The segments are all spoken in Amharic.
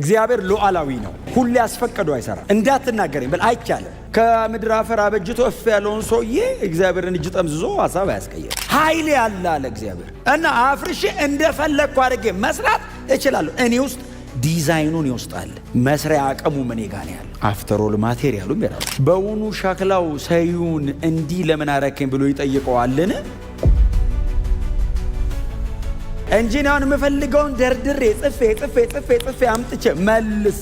እግዚአብሔር ሉዓላዊ ነው። ሁሌ ያስፈቀዱ አይሰራ። እንዳትናገረኝ በል አይቻልም። ከምድር አፈር አበጅቶ እፍ ያለውን ሰውዬ እግዚአብሔርን እጅ ጠምዝዞ ሀሳብ አያስቀየር። ኃይል ያለ አለ እግዚአብሔር እና አፍርሼ እንደፈለግኩ አድርጌ መስራት እችላለሁ። እኔ ውስጥ ዲዛይኑን ይወስጣል። መስሪያ አቅሙ እኔ ጋ ነው አፍተሮል ማቴሪያሉም ይላል። በውኑ ሸክላው ሰዩን እንዲህ ለምን አረከኝ ብሎ ይጠይቀዋልን? እንጂ አሁን የምፈልገውን ደርድሬ ጽፌ ጽፌ ጽፌ ጽፌ አምጥቼ መልስ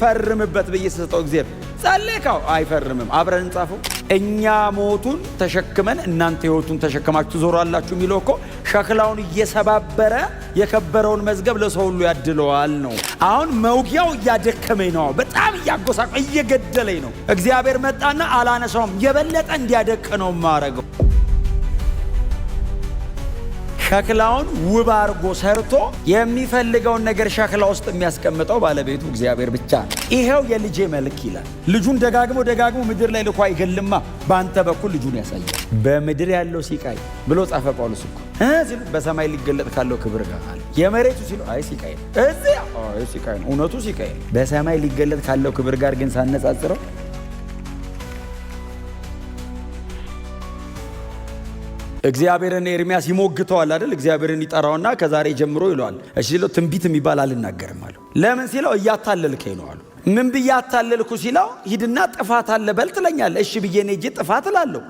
ፈርምበት ብዬ ስሰጠው ጊዜ ጸለካው አይፈርምም። አብረን እንጻፈው። እኛ ሞቱን ተሸክመን እናንተ ሕይወቱን ተሸክማችሁ ትዞራላችሁ የሚለው እኮ ሸክላውን እየሰባበረ የከበረውን መዝገብ ለሰው ሁሉ ያድለዋል ነው። አሁን መውጊያው እያደከመኝ ነው፣ በጣም እያጎሳቆ እየገደለኝ ነው። እግዚአብሔር መጣና አላነሳውም፣ የበለጠ እንዲያደቅ ነው ማረገው ሸክላውን ውብ አድርጎ ሰርቶ የሚፈልገውን ነገር ሸክላ ውስጥ የሚያስቀምጠው ባለቤቱ እግዚአብሔር ብቻ ነው። ይኸው የልጄ መልክ ይላል። ልጁን ደጋግሞ ደጋግሞ ምድር ላይ ልኮ አይገልማ፣ በአንተ በኩል ልጁን ያሳያል። በምድር ያለው ሲቃይ ብሎ ጻፈ ጳውሎስ እኮ ሲሉ በሰማይ ሊገለጥ ካለው ክብር ጋር አለ። የመሬቱ ሲሉ አይ ሲቃይ ነው፣ እዚያ ሲቃይ ነው፣ እውነቱ ሲቃይ ነው። በሰማይ ሊገለጥ ካለው ክብር ጋር ግን ሳነጻጽረው እግዚአብሔርን ኤርሚያስ ይሞግተዋል አይደል? እግዚአብሔርን ይጠራውና ከዛሬ ጀምሮ ይለዋል። እሺ ትንቢት የሚባል አልናገርም አለው። ለምን ሲለው እያታለልከኝ ነው አሉ። ምን ብዬ አታለልኩ ሲለው ሂድና ጥፋት አለ በል ትለኛለ። እሺ ብዬ እኔ ሂጄ ጥፋት እላለሁ።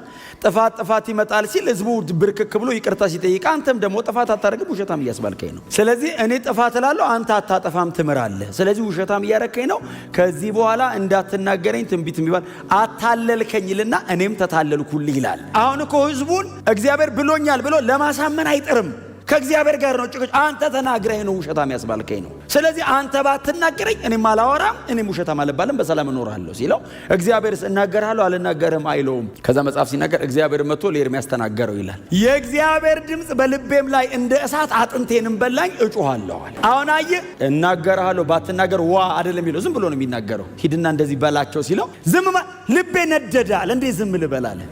ጥፋት ጥፋት ይመጣል ሲል ህዝቡ ብርክክ ብሎ ይቅርታ ሲጠይቅ አንተም ደግሞ ጥፋት አታደርግም ውሸታም እያስባልከኝ ነው። ስለዚህ እኔ ጥፋት እላለሁ፣ አንተ አታጠፋም ትምራለህ። ስለዚህ ውሸታም እያረከኝ ነው። ከዚህ በኋላ እንዳትናገረኝ ትንቢት የሚባል አታለልከኝ ይልና እኔም ተታለልኩል ይላል። አሁን እኮ ህዝቡን እግዚአብሔር ብሎኛል ብሎ ለማሳመን አይጥርም። ከእግዚአብሔር ጋር ነው ጭቅጭ። አንተ ተናግረኝ ነው ውሸታም ያስባልከኝ ነው። ስለዚህ አንተ ባትናገረኝ እኔም አላወራም፣ እኔም ውሸታም አልባልም፣ በሰላም እኖራለሁ ሲለው እግዚአብሔር እናገርሃለሁ አልናገርህም አይለውም። ከዛ መጽሐፍ ሲናገር እግዚአብሔር መጥቶ ለኤርምያስ ተናገረው ይላል። የእግዚአብሔር ድምፅ በልቤም ላይ እንደ እሳት አጥንቴንም በላኝ እጩኋለሁ። አሁን አየህ እናገርሃለሁ ባትናገር ዋ አይደለም የሚለው ዝም ብሎ ነው የሚናገረው። ሂድና እንደዚህ በላቸው ሲለው ዝም ልቤ ነደዳል። እንዴ ዝም ልበላለን?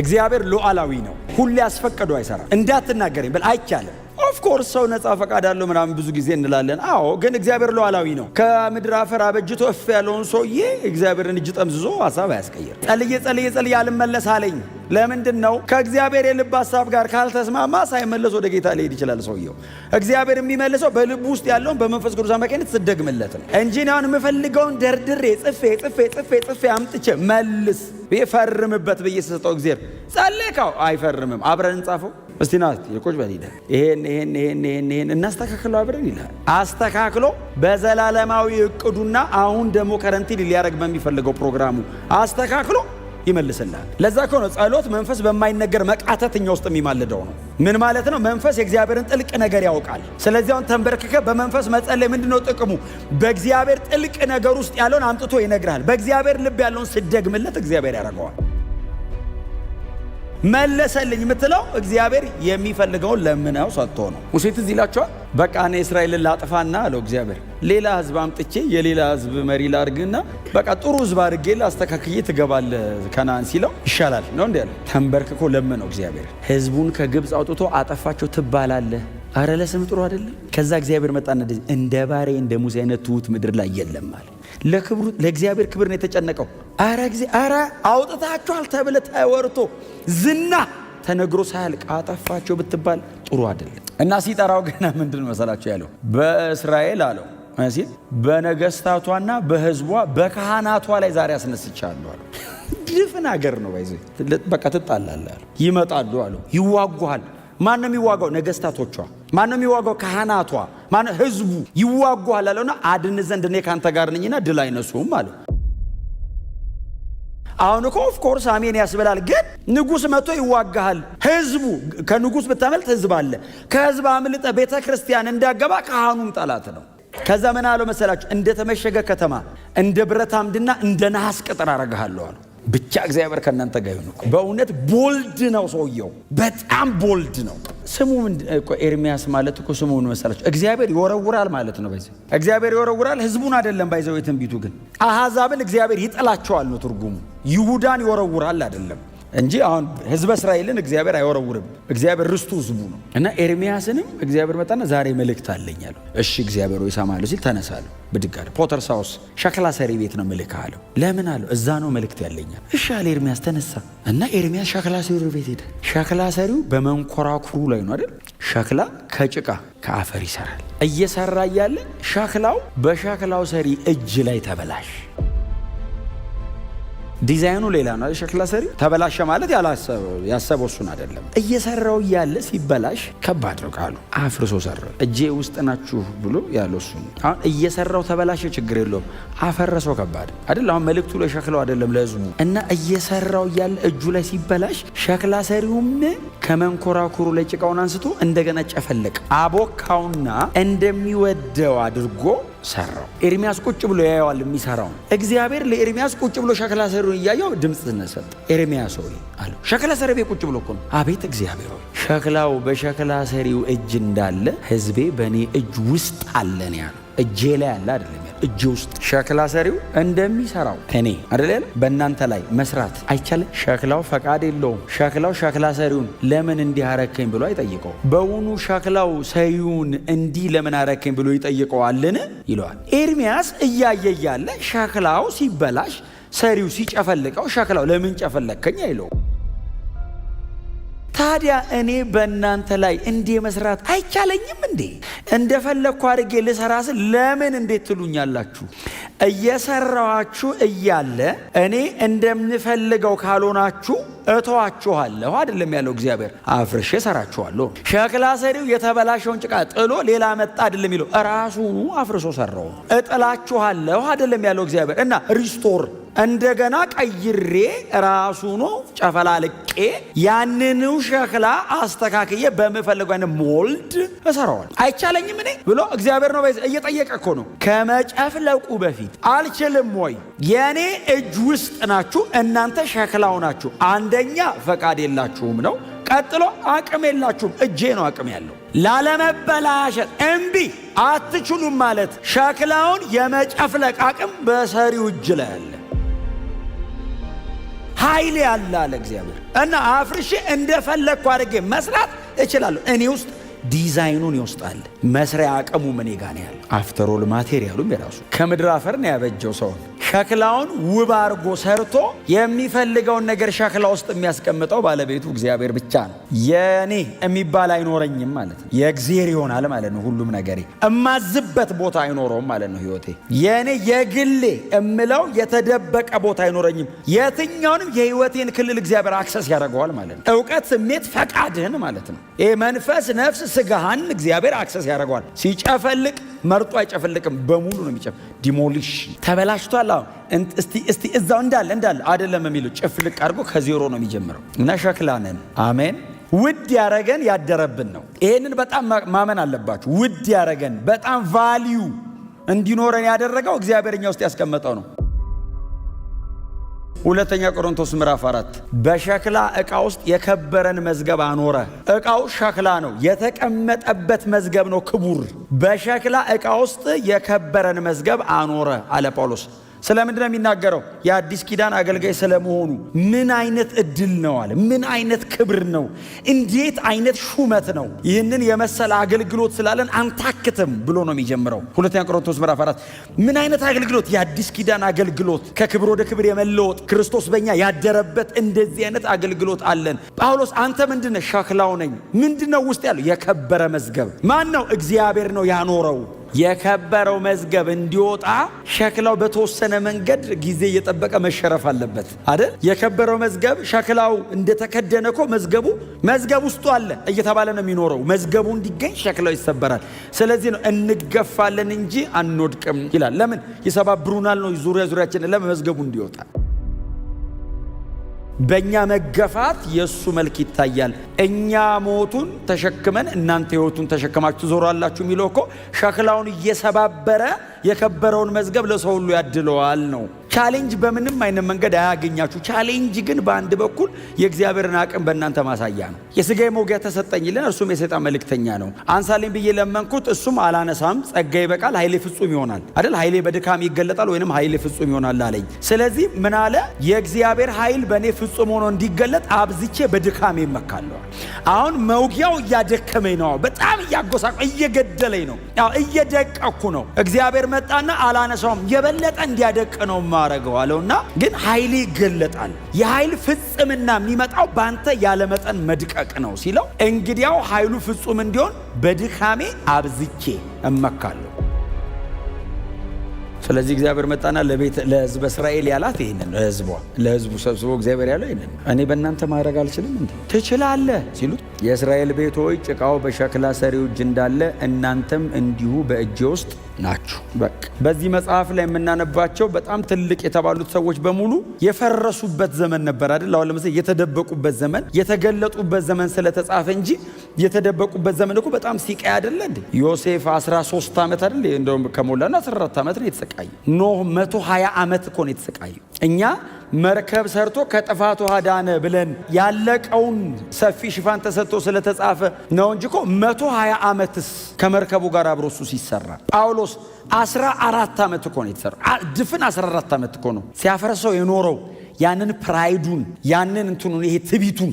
እግዚአብሔር ሉዓላዊ ነው። ሁሌ ያስፈቀዱ አይሰራም። እንዳትናገረኝ በል አይቻልም። ኦፍኮርስ ሰው ነፃ ፈቃድ አለው ምናምን ብዙ ጊዜ እንላለን። አዎ፣ ግን እግዚአብሔር ሉዓላዊ ነው። ከምድር አፈር አበጅቶ እፍ ያለውን ሰውዬ እግዚአብሔርን እጅ ጠምዝዞ ሀሳብ አያስቀይር። ጸልዬ ጸልዬ ጸልዬ አልመለስ አለኝ። ለምንድን ነው? ከእግዚአብሔር የልብ ሀሳብ ጋር ካልተስማማ ሳይመለስ ወደ ጌታ ሊሄድ ይችላል ሰውየው። እግዚአብሔር የሚመልሰው በልብ ውስጥ ያለውን በመንፈስ ቅዱስ አማካኝነት ስደግምለት ነው እንጂ አሁን የምፈልገውን ደርድሬ ጽፌ ጽፌ ጽፌ ጽፌ አምጥቼ መልስ ፈርምበት ብዬ ስሰጠው እግዚአብሔር ጸልካው አይፈርምም። አብረን እንጻፈው እስቲ ና የቆጭ በል ይላል። ይሄን ይሄን ይሄን ይሄን ይሄን አብረን ይላል። አስተካክሎ በዘላለማዊ እቅዱና አሁን ደግሞ ከረንቲ ሊያደርግ በሚፈልገው ፕሮግራሙ አስተካክሎ ይመልስልሃል። ለዛ ከሆነ ጸሎት መንፈስ በማይነገር መቃተት እኛ ውስጥ የሚማልደው ነው። ምን ማለት ነው? መንፈስ የእግዚአብሔርን ጥልቅ ነገር ያውቃል። ስለዚህ አሁን ተንበርክከ በመንፈስ መጸለይ ምንድን ነው ጥቅሙ? በእግዚአብሔር ጥልቅ ነገር ውስጥ ያለውን አምጥቶ ይነግርሃል። በእግዚአብሔር ልብ ያለውን ስደግምለት እግዚአብሔር ያደርገዋል። መለሰልኝ የምትለው እግዚአብሔር የሚፈልገውን ለምነው ሰጥቶ ነው። ሙሴ ትዝ ይላችኋል። በቃ እኔ እስራኤልን ላጥፋና አለው እግዚአብሔር። ሌላ ህዝብ አምጥቼ የሌላ ህዝብ መሪ ላርግና በቃ ጥሩ ህዝብ አድርጌ ላስተካክዬ ትገባለ ከነዓን ሲለው ይሻላል ነው እንዲ ያለ ተንበርክኮ ለመነው እግዚአብሔር። ህዝቡን ከግብፅ አውጥቶ አጠፋቸው ትባላለህ። አረ ለስም ጥሩ አይደለም። ከዛ እግዚአብሔር መጣና እንደ ባሬ እንደ ሙሴ አይነት ትሁት ምድር ላይ የለም አለ። ለክብሩ ለእግዚአብሔር ክብር ነው የተጨነቀው። አረ ጊዜ አረ አውጥታችኋል ተብለ ተወርቶ ዝና ተነግሮ ሳያልቅ አጠፋቸው ብትባል ጥሩ አይደለም። እና ሲጠራው ገና ምንድን መሰላቸው ያለው በእስራኤል አለው ሲል በነገስታቷና በህዝቧ በካህናቷ ላይ ዛሬ አስነስቻለሁ አለ። ድፍን አገር ነው ይዘ በቃ ትጣላለ። ይመጣሉ አለው። ይዋጓል። ማንም ይዋጋው ነገስታቶቿ ማነው የሚዋጋው? ካህናቷ ማን ህዝቡ ይዋጓል አለውና አድን ዘንድ እኔ ካንተ ጋር ነኝና ድል አይነሱም አለ። አሁን እኮ ኦፍኮርስ አሜን ያስብላል፣ ግን ንጉስ መጥቶ ይዋጋሃል። ህዝቡ ከንጉስ ብታመልጥ ህዝብ አለ። ከህዝብ አምልጠ ቤተ ክርስቲያን እንዳገባ ካህኑም ጠላት ነው። ከዛ ምን አለው መሰላችሁ? እንደ ተመሸገ ከተማ እንደ ብረት አምድና እንደ ነሐስ ቅጥር አረግሃለሁ አሉ። ብቻ እግዚአብሔር ከእናንተ ጋር ይሁን። በእውነት ቦልድ ነው ሰውየው፣ በጣም ቦልድ ነው። ስሙ ኤርሚያስ ማለት እኮ ስሙ መሰላቸው እግዚአብሔር ይወረውራል ማለት ነው። ባይዘ እግዚአብሔር ይወረውራል ህዝቡን አይደለም። ባይዘው የትንቢቱ ግን አሕዛብን እግዚአብሔር ይጠላቸዋል ነው ትርጉሙ። ይሁዳን ይወረውራል አይደለም። እንጂ አሁን ህዝበ እስራኤልን እግዚአብሔር አይወረውርም። እግዚአብሔር ርስቱ ህዝቡ ነው እና ኤርሚያስንም እግዚአብሔር መጣና ዛሬ መልእክት አለኝ አለው። እሺ እግዚአብሔር ወይ ሰማለሁ ሲል ተነሳለሁ ብድግ አለ። ፖተርስ ሸክላ ሰሪ ቤት ነው ምልክ አለው። ለምን አለው? እዛ ነው መልእክት ያለኛል። እሺ አለ ኤርሚያስ ተነሳ እና ኤርሚያስ ሸክላ ሰሪ ቤት ሄደ። ሸክላ ሰሪው በመንኮራኩሩ ላይ ነው አይደል? ሸክላ ከጭቃ ከአፈር ይሰራል። እየሰራ እያለ ሸክላው በሸክላው ሰሪ እጅ ላይ ተበላሽ ዲዛይኑ ሌላ ነው። ሸክላ ሰሪ ተበላሸ ማለት ያሰበው እሱን አይደለም። እየሰራው እያለ ሲበላሽ ከባድ ነው ቃሉ አፍርሶ ሰራ እጄ ውስጥ ናችሁ ብሎ ያለ እሱ አሁን እየሰራው ተበላሸ ችግር የለውም አፈረሰው ከባድ አይደል? አሁን መልእክቱ ለሸክላው አይደለም ለህዝቡ እና እየሰራው እያለ እጁ ላይ ሲበላሽ ሸክላ ሰሪውም ከመንኮራኩሩ ላይ ጭቃውን አንስቶ እንደገና ጨፈለቅ አቦካውና እንደሚወደው አድርጎ ሰራው። ኤርሚያስ ቁጭ ብሎ ያየዋል የሚሰራው እግዚአብሔር ለኤርሚያስ ቁጭ ብሎ ሸክላ ሰሪውን እያየው ድምፅ ሰጠ። ኤርሚያስ ሆይ አለ። ሸክላ ሰሪ ቤት ቁጭ ብሎ እኮ ነው። አቤት እግዚአብሔር ሆይ ሸክላው በሸክላ ሰሪው እጅ እንዳለ ህዝቤ በእኔ እጅ ውስጥ አለን ያለ እጄ ላይ አለ አይደለም እጅ ውስጥ ሸክላ ሰሪው እንደሚሰራው እኔ አይደለም በእናንተ ላይ መስራት አይቻልም። ሸክላው ፈቃድ የለውም። ሸክላው ሸክላ ሰሪውን ለምን እንዲህ አረከኝ ብሎ አይጠይቀው። በውኑ ሸክላው ሰሪውን እንዲህ ለምን አረከኝ ብሎ ይጠይቀዋልን? ይለዋል። ኤርሚያስ እያየ እያለ ሸክላው ሲበላሽ ሰሪው ሲጨፈልቀው ሸክላው ለምን ጨፈለከኝ አይለው። ታዲያ እኔ በእናንተ ላይ እንዲህ መስራት አይቻለኝም እንዴ? እንደፈለግኩ አድርጌ ልሰራ ለምን እንዴት ትሉኛላችሁ? እየሰራችሁ እያለ እኔ እንደምፈልገው ካልሆናችሁ እተዋችኋለሁ አይደለም ያለው እግዚአብሔር። አፍርሼ ሰራችኋለሁ። ሸክላ ሰሪው የተበላሸውን ጭቃ ጥሎ ሌላ መጣ አይደለም ይለው፣ ራሱ አፍርሶ ሰራው። እጥላችኋለሁ አይደለም ያለው እግዚአብሔር እና ሪስቶር እንደገና ቀይሬ ራሱኑ ጨፈላልቄ ያንን ሸክላ አስተካክዬ በምፈልገው አይነት ሞልድ እሰራዋል። አይቻለኝም እኔ ብሎ እግዚአብሔር ነው እየጠየቀ እኮ ነው። ከመጨፍለቁ በፊት አልችልም ወይ? የእኔ እጅ ውስጥ ናችሁ እናንተ ሸክላው ናችሁ። አንደኛ ፈቃድ የላችሁም ነው። ቀጥሎ አቅም የላችሁም። እጄ ነው አቅም ያለው ላለመበላሸት እምቢ አትችሉም ማለት ሸክላውን የመጨፍለቅ አቅም በሰሪው እጅ ላይ አለ። ኃይል ያለ አለ እግዚአብሔር እና አፍርሼ እንደፈለግኩ አድርጌ መስራት እችላለሁ። እኔ ውስጥ ዲዛይኑን ይወስጣል። መስሪያ አቅሙ እኔ ጋ ነው ያለው። አፍተሮል ማቴሪያሉም የራሱ ከምድር አፈር ነው ያበጀው ሰውን ሸክላውን ውብ አድርጎ ሰርቶ የሚፈልገውን ነገር ሸክላ ውስጥ የሚያስቀምጠው ባለቤቱ እግዚአብሔር ብቻ ነው። የኔ የሚባል አይኖረኝም ማለት ነው። የእግዜር ይሆናል ማለት ነው። ሁሉም ነገሬ እማዝበት ቦታ አይኖረውም ማለት ነው። ህይወቴ የእኔ የግሌ እምለው የተደበቀ ቦታ አይኖረኝም። የትኛውንም የህይወቴን ክልል እግዚአብሔር አክሰስ ያደርገዋል ማለት ነው። እውቀት፣ ስሜት፣ ፈቃድህን ማለት ነው። ይህ መንፈስ፣ ነፍስ፣ ስጋህን እግዚአብሔር አክሰስ ያደርገዋል። ሲጨፈልቅ መርጦ አይጨፈልቅም። በሙሉ ነው የሚጨፍ ዲሞሊሽ ተበላሽቷል እስቲ እዛው እንዳለ እንዳለ አይደለም የሚለው ጭፍልቅ አድርጎ ከዜሮ ነው የሚጀምረው እና ሸክላነን አሜን። ውድ ያረገን ያደረብን ነው። ይሄንን በጣም ማመን አለባችሁ። ውድ ያረገን በጣም ቫሊዩ እንዲኖረን ያደረገው እግዚአብሔር እኛ ውስጥ ያስቀመጠው ነው። ሁለተኛ ቆሮንቶስ ምዕራፍ አራት በሸክላ ዕቃ ውስጥ የከበረን መዝገብ አኖረ። ዕቃው ሸክላ ነው፣ የተቀመጠበት መዝገብ ነው ክቡር። በሸክላ ዕቃ ውስጥ የከበረን መዝገብ አኖረ አለ ጳውሎስ። ስለ ነው የሚናገረው? የአዲስ ኪዳን አገልጋይ ስለመሆኑ። ምን አይነት እድል ነው አለ። ምን አይነት ክብር ነው! እንዴት አይነት ሹመት ነው! ይህንን የመሰለ አገልግሎት ስላለን አንታክትም ብሎ ነው የሚጀምረው። ሁለተኛ ቆሮንቶስ ምዕራፍ አራት ምን አይነት አገልግሎት! የአዲስ ኪዳን አገልግሎት፣ ከክብር ወደ ክብር የመለወጥ ክርስቶስ በእኛ ያደረበት እንደዚህ አይነት አገልግሎት አለን። ጳውሎስ አንተ ምንድነ? ሸክላው ነኝ። ምንድነው ውስጥ ያለው? የከበረ መዝገብ። ማን ነው? እግዚአብሔር ነው ያኖረው የከበረው መዝገብ እንዲወጣ ሸክላው በተወሰነ መንገድ ጊዜ እየጠበቀ መሸረፍ አለበት አይደል? የከበረው መዝገብ ሸክላው እንደተከደነ እኮ መዝገቡ መዝገብ ውስጡ አለ እየተባለ ነው የሚኖረው። መዝገቡ እንዲገኝ ሸክላው ይሰበራል። ስለዚህ ነው እንገፋለን እንጂ አንወድቅም ይላል። ለምን? ይሰባብሩናል ነው ዙሪያ ዙሪያችን ለመዝገቡ እንዲወጣ በእኛ መገፋት የእሱ መልክ ይታያል። እኛ ሞቱን ተሸክመን እናንተ ህይወቱን ተሸክማችሁ ትዞራላችሁ የሚለው እኮ ሸክላውን እየሰባበረ የከበረውን መዝገብ ለሰው ሁሉ ያድለዋል ነው። ቻሌንጅ በምንም አይነት መንገድ አያገኛችሁ። ቻሌንጅ ግን በአንድ በኩል የእግዚአብሔርን አቅም በእናንተ ማሳያ ነው። የሥጋዬ መውጊያ ተሰጠኝልን እርሱም የሰይጣን መልእክተኛ ነው። አንሳልኝ ብዬ ለመንኩት፣ እሱም አላነሳም። ጸጋ ይበቃል፣ ኃይሌ ፍጹም ይሆናል። አይደል ኃይሌ በድካም ይገለጣል ወይም ኃይሌ ፍጹም ይሆናል አለኝ። ስለዚህ ምን አለ? የእግዚአብሔር ኃይል በእኔ ፍጹም ሆኖ እንዲገለጥ አብዝቼ በድካሜ ይመካለዋል። አሁን መውጊያው እያደከመኝ ነው። በጣም እያጎሳ እየገደለኝ ነው። እየደቀኩ ነው። እግዚአብሔር መጣና አላነሳውም። የበለጠ እንዲያደቅ ነው አለውና፣ ግን ኃይል ይገለጣል። የኃይል ፍጽምና የሚመጣው ባንተ ያለመጠን መድቀቅ ነው ሲለው እንግዲያው ኃይሉ ፍጹም እንዲሆን በድካሜ አብዝቼ እመካለሁ። ስለዚህ እግዚአብሔር መጣና ለህዝብ እስራኤል ያላት ይህንን ለሕዝቧ ለህዝቡ ሰብስቦ እግዚአብሔር ያለው ይህንን እኔ በእናንተ ማድረግ አልችልም እንዲ ትችላለ ሲሉት የእስራኤል ቤቶች ጭቃው በሸክላ ሰሪው እጅ እንዳለ እናንተም እንዲሁ በእጄ ውስጥ ናችሁ። በዚህ መጽሐፍ ላይ የምናነባቸው በጣም ትልቅ የተባሉት ሰዎች በሙሉ የፈረሱበት ዘመን ነበር አይደል? አሁን ለምሳሌ የተደበቁበት ዘመን የተገለጡበት ዘመን ስለተጻፈ እንጂ የተደበቁበት ዘመን እኮ በጣም ሲቃይ አይደለ እንዴ? ዮሴፍ 13 ዓመት አይደል? እንደውም ከሞላና 14 ዓመት ነው የተሰቃየ። ኖህ 120 ዓመት እኮ ነው የተሰቃየው። እኛ መርከብ ሰርቶ ከጥፋት ውሃ ዳነ ብለን ያለቀውን ሰፊ ሽፋን ተሰጥቶ ስለተጻፈ ነው እንጂ እኮ 120 ዓመትስ ከመርከቡ ጋር አብሮ እሱ ሲሰራ ጳውሎስ ጳውሎስ አስራ አራት ዓመት እኮ ነው የተሰራ። ድፍን 14 ዓመት እኮ ነው ሲያፈርሰው የኖረው ያንን ፕራይዱን ያንን እንትኑ ይሄ ትቢቱን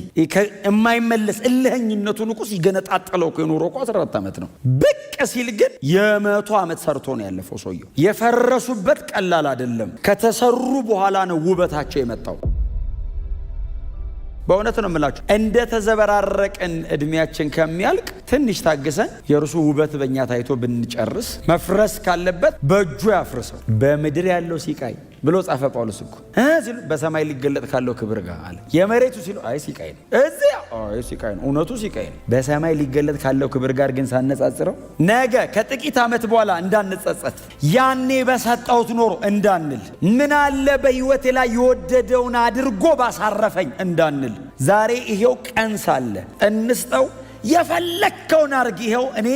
የማይመለስ እልህኝነቱን እኮ ሲገነጣጠለው እኮ የኖረው እኮ 14 ዓመት ነው። ብቅ ሲል ግን የመቶ ዓመት ሰርቶ ነው ያለፈው ሰውየው። የፈረሱበት ቀላል አይደለም። ከተሰሩ በኋላ ነው ውበታቸው የመጣው። በእውነት ነው የምላችሁ እንደተዘበራረቅን እድሜያችን ከሚያልቅ ትንሽ ታግሰን የእርሱ ውበት በእኛ ታይቶ ብንጨርስ መፍረስ ካለበት በእጁ ያፍርሰው። በምድር ያለው ሲቃይ ብሎ ጻፈ ጳውሎስ እኮ ሲሉ በሰማይ ሊገለጥ ካለው ክብር ጋር አለ። የመሬቱ ሲሉ አይ ሲቃይ ነው፣ እዚያ አይ ሲቃይ ነው፣ እውነቱ ሲቃይ ነው። በሰማይ ሊገለጥ ካለው ክብር ጋር ግን ሳነጻጽረው ነገ ከጥቂት ዓመት በኋላ እንዳንጸጸት ያኔ በሰጠሁት ኖሮ እንዳንል ምን አለ በሕይወቴ ላይ የወደደውን አድርጎ ባሳረፈኝ እንዳንል ዛሬ ይሄው ቀን ሳለ እንስጠው፣ የፈለግከውን አርግ፣ ይኸው እኔ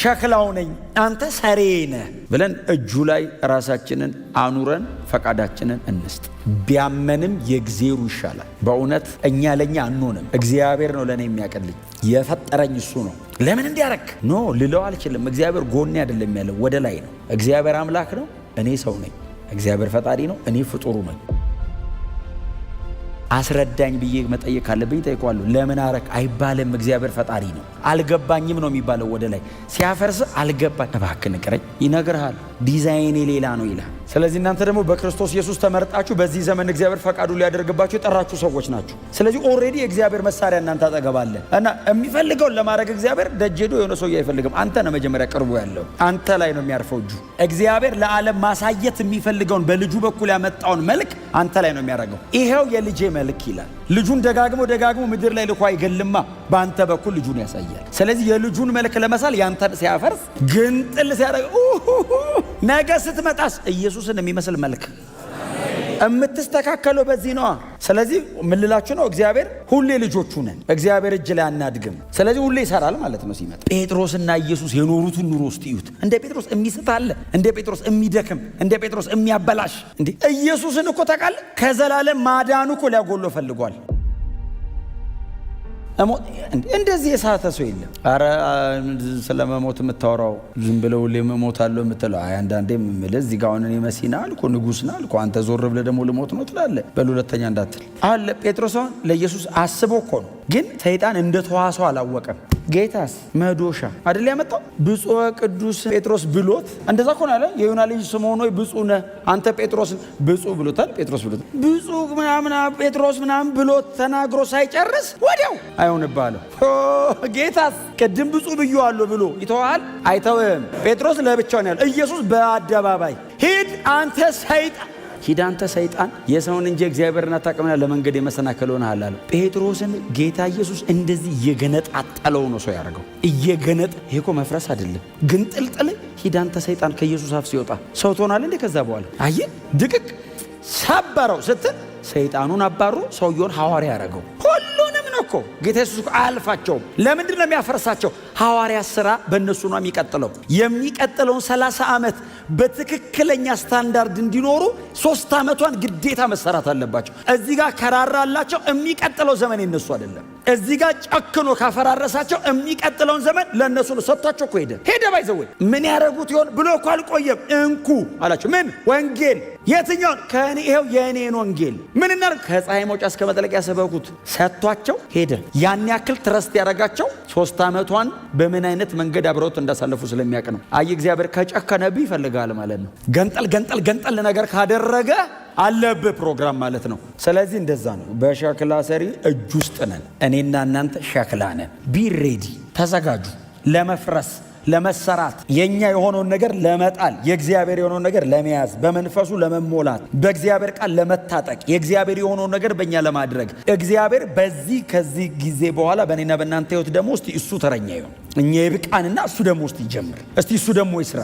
ሸክላው ነኝ አንተ ሰሬ ነህ ብለን እጁ ላይ ራሳችንን አኑረን ፈቃዳችንን እንስጥ። ቢያመንም የእግዜሩ ይሻላል። በእውነት እኛ ለእኛ አንሆንም፣ እግዚአብሔር ነው ለእኔ የሚያቀልኝ የፈጠረኝ እሱ ነው። ለምን እንዲያረክ ኖ ልለው አልችልም። እግዚአብሔር ጎኔ አይደለም ያለው ወደ ላይ ነው። እግዚአብሔር አምላክ ነው፣ እኔ ሰው ነኝ። እግዚአብሔር ፈጣሪ ነው፣ እኔ ፍጡሩ ነኝ። አስረዳኝ ብዬ መጠየቅ ካለብኝ ጠይቀዋለሁ። ለምን አረክ አይባልም። እግዚአብሔር ፈጣሪ ነው። አልገባኝም ነው የሚባለው። ወደ ላይ ሲያፈርስ አልገባ እባክህ ንገረኝ ይነግርሃል። ዲዛይኔ ሌላ ነው ይላል። ስለዚህ እናንተ ደግሞ በክርስቶስ ኢየሱስ ተመርጣችሁ በዚህ ዘመን እግዚአብሔር ፈቃዱ ሊያደርግባችሁ የጠራችሁ ሰዎች ናችሁ። ስለዚህ ኦልሬዲ የእግዚአብሔር መሳሪያ እናንተ አጠገባለ እና የሚፈልገውን ለማድረግ እግዚአብሔር ደጅ ሄዶ የሆነ ሰውዬ አይፈልግም። አንተ ነው መጀመሪያ ቅርቡ ያለው፣ አንተ ላይ ነው የሚያርፈው እጁ። እግዚአብሔር ለዓለም ማሳየት የሚፈልገውን በልጁ በኩል ያመጣውን መልክ አንተ ላይ ነው የሚያደርገው። ይኸው የልጄ መልክ ልክ ይላል። ልጁን ደጋግሞ ደጋግሞ ምድር ላይ ልኮ አይገልማ፣ በአንተ በኩል ልጁን ያሳያል። ስለዚህ የልጁን መልክ ለመሳል ያንተን ሲያፈርስ ግንጥል ሲያደርግ ነገ ስትመጣስ ኢየሱስን የሚመስል መልክ የምትስተካከለው በዚህ ነዋ። ስለዚህ ምልላችሁ ነው እግዚአብሔር ሁሌ ልጆቹ ነን። እግዚአብሔር እጅ ላይ አናድግም። ስለዚህ ሁሌ ይሰራል ማለት ነው ሲመጣ። ጴጥሮስና ኢየሱስ የኖሩትን ኑሮ ውስጥ እዩት። እንደ ጴጥሮስ የሚስት አለ፣ እንደ ጴጥሮስ የሚደክም፣ እንደ ጴጥሮስ የሚያበላሽ። እንዲህ ኢየሱስን እኮ ታውቃለህ፣ ከዘላለም ማዳኑ እኮ ሊያጎሎ ፈልጓል። እንደዚህ የሳተ ሰው የለም። አረ ስለ መሞት የምታወራው ዝም ብለው እሞታለሁ የምትለው አንዳንዴ የምልህ እዚህ ጋር አሁን እኔ መሲና አልኩ ንጉሥ ና አልኩ አንተ ዞር ብለህ ደግሞ ልሞት ነው ትላለህ። በል ሁለተኛ እንዳትል አለ ጴጥሮስ። አሁን ለኢየሱስ አስቦ እኮ ነው፣ ግን ሰይጣን እንደ ተዋሰው አላወቀም። ጌታስ መዶሻ አደል ያመጣው ብፁዕ ቅዱስ ጴጥሮስ ብሎት እንደዛ ኮን አለ የዮና ልጅ ስምዖን ወይ ብፁዕ ነህ አንተ ጴጥሮስ ብፁዕ ብሎታል ጴጥሮስ ብሎት ብፁዕ ምናምን ጴጥሮስ ምናምን ብሎት ተናግሮ ሳይጨርስ ወዲያው አይሆንብሃለሁ ጌታስ ቅድም ብፁዕ ብዬዋለሁ ብሎ ይተዋል አይተውም ጴጥሮስ ለብቻውን ያለ ኢየሱስ በአደባባይ ሂድ አንተ ሰይጣን ሂድ አንተ ሰይጣን፣ የሰውን እንጂ እግዚአብሔርን አታውቅምና ለመንገድ የመሰናከል ሆነሃል አለው። ጴጥሮስን ጌታ ኢየሱስ እንደዚህ እየገነጣጠለው ነው ሰው ያደርገው። እየገነጥ ይሄ እኮ መፍረስ አይደለም ግንጥልጥል። ሂድ አንተ ሰይጣን ከኢየሱስ አፍ ሲወጣ ሰው ትሆናል እንዴ? ከዛ በኋላ አየ ድቅቅ ሰበረው ስትል ሰይጣኑን አባሩ ሰውየውን ሐዋርያ ያደረገው ሁሉንም ነው እኮ ጌታ ኢየሱስ አያልፋቸውም። ለምንድን ነው የሚያፈርሳቸው? ሐዋርያ ሥራ በእነሱ ነው የሚቀጥለው። የሚቀጥለውን 30 ዓመት በትክክለኛ ስታንዳርድ እንዲኖሩ ሶስት ዓመቷን ግዴታ መሰራት አለባቸው። እዚህ ጋር ከራራላቸው የሚቀጥለው ዘመን የነሱ አይደለም። እዚህ ጋር ጨክኖ ካፈራረሳቸው የሚቀጥለውን ዘመን ለእነሱ ነው ሰጥቷቸው እኮ ሄደ ሄደ ባይዘወ ምን ያደረጉት ይሆን ብሎ እኮ አልቆየም። እንኩ አላቸው። ምን ወንጌል? የትኛውን? ከእኔ ይኸው የእኔን ወንጌል ምን እናደርግ? ከፀሐይ መውጫ እስከ መጥለቂያ ያሰበኩት ሰጥቷቸው ሄደ። ያን ያክል ትረስት ያደረጋቸው ሶስት ዓመቷን በምን አይነት መንገድ አብረውት እንዳሳለፉ ስለሚያውቅ ነው። አይ እግዚአብሔር ከጨከነብህ ይፈልጋል ማለት ነው። ገንጠል ገንጠል ገንጠል ነገር ካደረገ አለብህ ፕሮግራም ማለት ነው። ስለዚህ እንደዛ ነው። በሸክላ ሰሪ እጅ ውስጥ ነን። እኔና እናንተ ሸክላ ነን። ቢ ሬዲ፣ ተዘጋጁ ለመፍረስ ለመሰራት የኛ የሆነውን ነገር ለመጣል የእግዚአብሔር የሆነውን ነገር ለመያዝ በመንፈሱ ለመሞላት በእግዚአብሔር ቃል ለመታጠቅ የእግዚአብሔር የሆነውን ነገር በእኛ ለማድረግ እግዚአብሔር በዚህ ከዚህ ጊዜ በኋላ በእኔና በእናንተ ህይወት ደግሞ እስቲ እሱ ተረኛ ይሆን እኛ ይብቃንና እሱ ደግሞ እስቲ ይጀምር እስቲ እሱ ደግሞ ይስራ።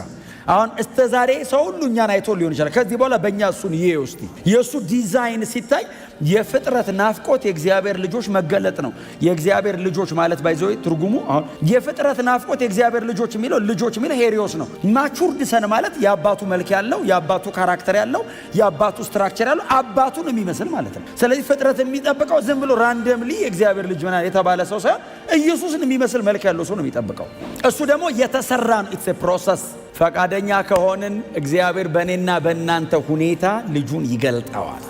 አሁን እስተ ዛሬ ሰው ሁሉ እኛን አይቶ ሊሆን ይችላል። ከዚህ በኋላ በእኛ እሱን ይሄ ውስጥ የእሱ ዲዛይን ሲታይ የፍጥረት ናፍቆት የእግዚአብሔር ልጆች መገለጥ ነው። የእግዚአብሔር ልጆች ማለት ባይዘ ትርጉሙ አሁን የፍጥረት ናፍቆት የእግዚአብሔር ልጆች የሚለው ልጆች የሚለው ሄሪዮስ ነው። ማቹርድ ሰን ማለት የአባቱ መልክ ያለው የአባቱ ካራክተር ያለው የአባቱ ስትራክቸር ያለው አባቱን የሚመስል ማለት ነው። ስለዚህ ፍጥረት የሚጠብቀው ዝም ብሎ ራንደምሊ የእግዚአብሔር ልጅ ምናምን የተባለ ሰው ሳይሆን ኢየሱስን የሚመስል መልክ ያለው ሰው ነው የሚጠብቀው። እሱ ደግሞ የተሰራ ነው። ኢትስ ፕሮሰስ ፈቃደኛ ከሆንን እግዚአብሔር በእኔና በእናንተ ሁኔታ ልጁን ይገልጠዋል።